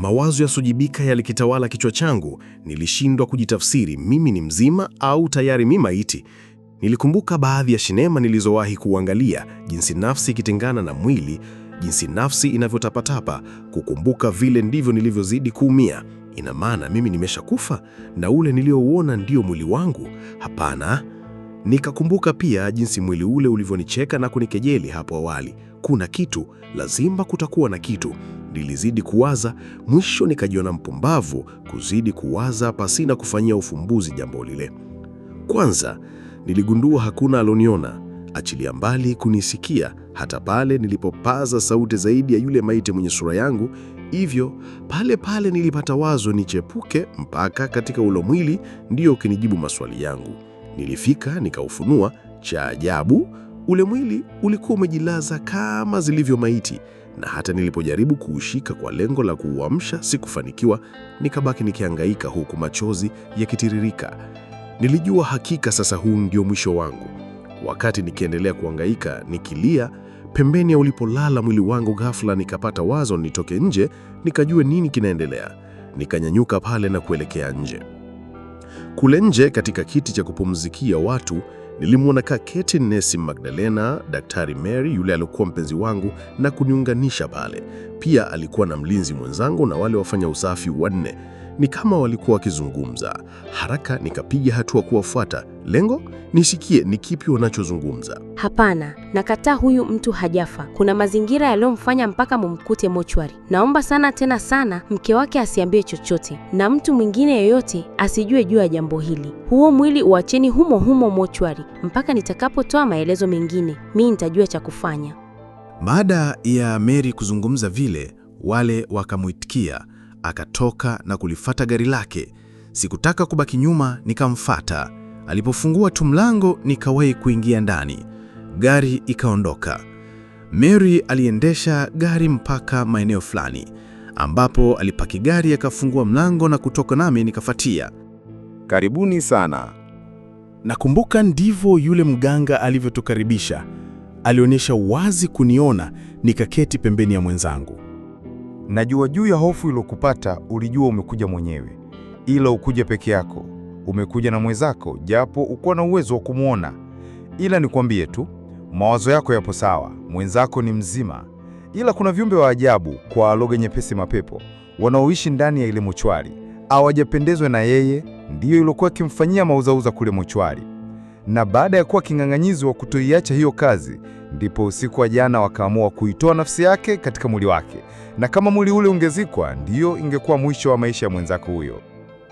Mawazo yasojibika yalikitawala kichwa changu, nilishindwa kujitafsiri mimi ni mzima au tayari mi maiti. Nilikumbuka baadhi ya sinema nilizowahi kuangalia, jinsi nafsi ikitengana na mwili, jinsi nafsi inavyotapatapa. Kukumbuka vile ndivyo nilivyozidi kuumia. Ina maana mimi nimeshakufa na ule niliouona ndio mwili wangu? Hapana. Nikakumbuka pia jinsi mwili ule ulivyonicheka na kunikejeli hapo awali. Kuna kitu, lazima kutakuwa na kitu nilizidi kuwaza, mwisho nikajiona mpumbavu kuzidi kuwaza pasina kufanyia ufumbuzi jambo lile. Kwanza niligundua hakuna aloniona, achilia mbali kunisikia, hata pale nilipopaza sauti zaidi ya yule maiti mwenye sura yangu. Hivyo pale pale nilipata wazo nichepuke mpaka katika ulo mwili ndio ukinijibu maswali yangu. Nilifika nikaufunua. Cha ajabu, ule mwili ulikuwa umejilaza kama zilivyo maiti, na hata nilipojaribu kuushika kwa lengo la kuuamsha sikufanikiwa, nikabaki nikihangaika huku machozi yakitiririka. Nilijua hakika sasa huu ndio mwisho wangu. Wakati nikiendelea kuhangaika nikilia, pembeni ya ulipolala mwili wangu, ghafla nikapata wazo nitoke nje nikajue nini kinaendelea. Nikanyanyuka pale na kuelekea nje. Kule nje katika kiti cha kupumzikia watu Nilimwona kaketi nesi Magdalena, daktari Mary yule aliokuwa mpenzi wangu na kuniunganisha pale. Pia alikuwa na mlinzi mwenzangu na wale wafanya usafi wanne. Ni kama walikuwa wakizungumza. Haraka nikapiga hatua kuwafuata Lengo nisikie ni kipi wanachozungumza. Hapana, nakataa, huyu mtu hajafa. Kuna mazingira yaliyomfanya mpaka mumkute mochwari. Naomba sana tena sana, mke wake asiambie chochote na mtu mwingine yeyote asijue juu ya jambo hili. Huo mwili uacheni humo humo mochwari mpaka nitakapotoa maelezo mengine. mi nitajua cha kufanya. Baada ya Mary kuzungumza vile, wale wakamwitikia, akatoka na kulifata gari lake. Sikutaka kubaki nyuma, nikamfata. Alipofungua tu mlango, nikawahi kuingia ndani, gari ikaondoka. Mary aliendesha gari mpaka maeneo fulani ambapo alipaki gari, akafungua mlango na kutoka, nami nikafatia. Karibuni sana. Nakumbuka ndivyo yule mganga alivyotukaribisha. Alionyesha wazi kuniona, nikaketi pembeni ya mwenzangu. Najua juu ya hofu iliyokupata, ulijua umekuja mwenyewe, ila ukuja peke yako umekuja na mwenzako, japo ukuwa na uwezo wa kumwona. Ila nikwambie tu, mawazo yako yapo sawa, mwenzako ni mzima, ila kuna viumbe wa ajabu kwa lugha nyepesi, mapepo wanaoishi ndani ya ile mochwari, hawajapendezwa na yeye. Ndiyo iliokuwa akimfanyia mauzauza kule mochwari, na baada ya kuwa wa kutoiacha hiyo kazi, ndipo usiku wa jana wakaamua kuitoa nafsi yake katika mwili wake, na kama mwili ule ungezikwa, ndiyo ingekuwa mwisho wa maisha ya mwenzako huyo.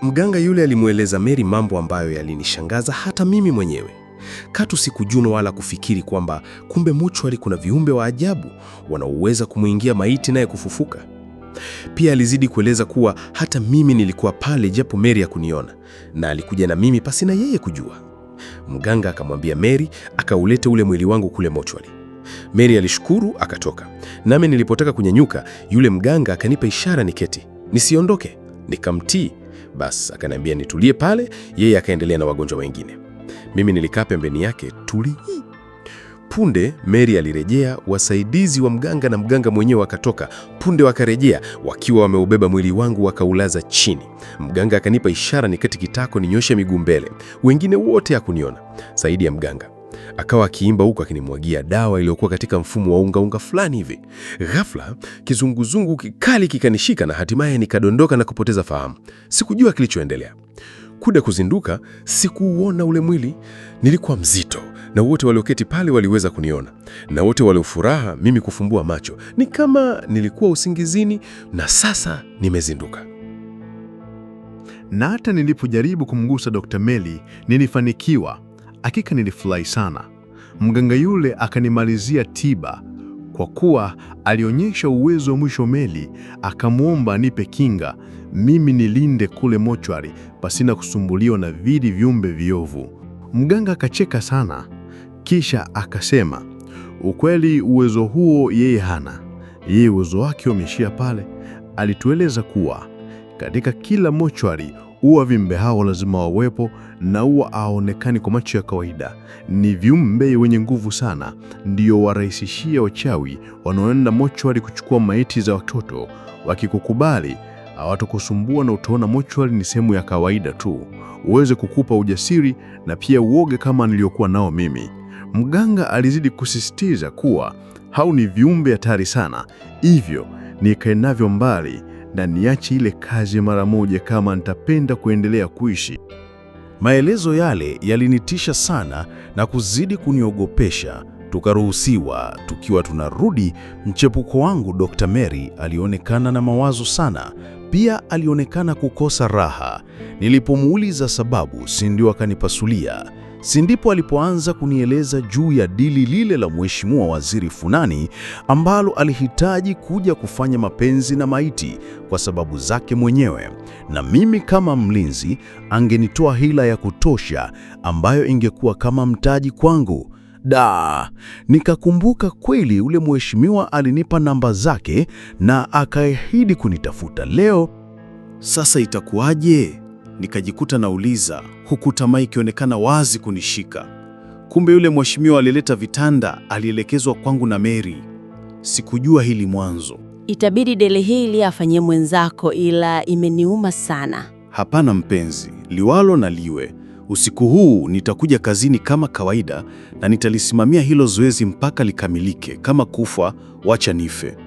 Mganga yule alimweleza Mary mambo ambayo yalinishangaza hata mimi mwenyewe. Katu sikujuna wala kufikiri kwamba kumbe mochwari kuna viumbe wa ajabu wanaoweza kumwingia maiti naye kufufuka. Pia alizidi kueleza kuwa hata mimi nilikuwa pale japo Mary hakuniona na alikuja na mimi pasi na yeye kujua. Mganga akamwambia Mary akaulete ule mwili wangu kule mochwari. Mary alishukuru akatoka, nami nilipotaka kunyanyuka, yule mganga akanipa ishara niketi, nisiondoke. Nikamtii basi akaniambia nitulie pale, yeye akaendelea na wagonjwa wengine. Mimi nilikaa pembeni yake tuli. Punde Mary alirejea, wasaidizi wa mganga na mganga mwenyewe wakatoka. Punde wakarejea wakiwa wameubeba mwili wangu, wakaulaza chini. Mganga akanipa ishara niketi kitako, ninyoshe miguu mbele. Wengine wote hakuniona zaidi ya mganga. Akawa akiimba huku akinimwagia dawa iliyokuwa katika mfumo wa ungaunga unga fulani hivi. Ghafla kizunguzungu kikali kikanishika na hatimaye nikadondoka na kupoteza fahamu. Sikujua kilichoendelea. Kuda kuzinduka, sikuuona ule mwili. Nilikuwa mzito na wote walioketi pale waliweza kuniona, na wote waliofuraha mimi kufumbua macho. Ni kama nilikuwa usingizini na sasa nimezinduka. Na hata nilipojaribu kumgusa Dr. Meli nilifanikiwa, Hakika nilifurahi sana. Mganga yule akanimalizia tiba kwa kuwa alionyesha uwezo wa mwisho meli, akamwomba nipe kinga, mimi nilinde kule mochwari pasina kusumbuliwa na vili viumbe viovu. Mganga akacheka sana, kisha akasema ukweli, uwezo huo yeye hana, yeye uwezo wake umeishia pale. Alitueleza kuwa katika kila mochwari huwa viumbe hao lazima wawepo na huwa aonekani kwa macho ya kawaida. Ni viumbe wenye nguvu sana, ndio warahisishia wachawi wanaoenda mochwali kuchukua maiti za watoto. Wakikukubali hawatokusumbua na utaona mochwali ni sehemu ya kawaida tu, uweze kukupa ujasiri na pia uoge kama niliyokuwa nao mimi. Mganga alizidi kusisitiza kuwa hao ni viumbe hatari sana, hivyo nikaenavyo mbali na niache ile kazi mara moja kama nitapenda kuendelea kuishi. Maelezo yale yalinitisha sana na kuzidi kuniogopesha. Tukaruhusiwa. Tukiwa tunarudi, mchepuko wangu Dr. Mary alionekana na mawazo sana, pia alionekana kukosa raha. Nilipomuuliza sababu, si ndio akanipasulia. Si ndipo alipoanza kunieleza juu ya dili lile la mheshimiwa waziri Funani ambalo alihitaji kuja kufanya mapenzi na maiti kwa sababu zake mwenyewe, na mimi kama mlinzi angenitoa hila ya kutosha ambayo ingekuwa kama mtaji kwangu. Da, nikakumbuka kweli, ule mheshimiwa alinipa namba zake na akaahidi kunitafuta leo. Sasa itakuwaje? nikajikuta nauliza, huku tamaa ikionekana wazi kunishika. Kumbe yule mheshimiwa alileta vitanda alielekezwa kwangu na Mary. Sikujua hili mwanzo. Itabidi deli hili afanyie mwenzako, ila imeniuma sana. Hapana mpenzi, liwalo na liwe. Usiku huu nitakuja kazini kama kawaida na nitalisimamia hilo zoezi mpaka likamilike. Kama kufa, wacha nife.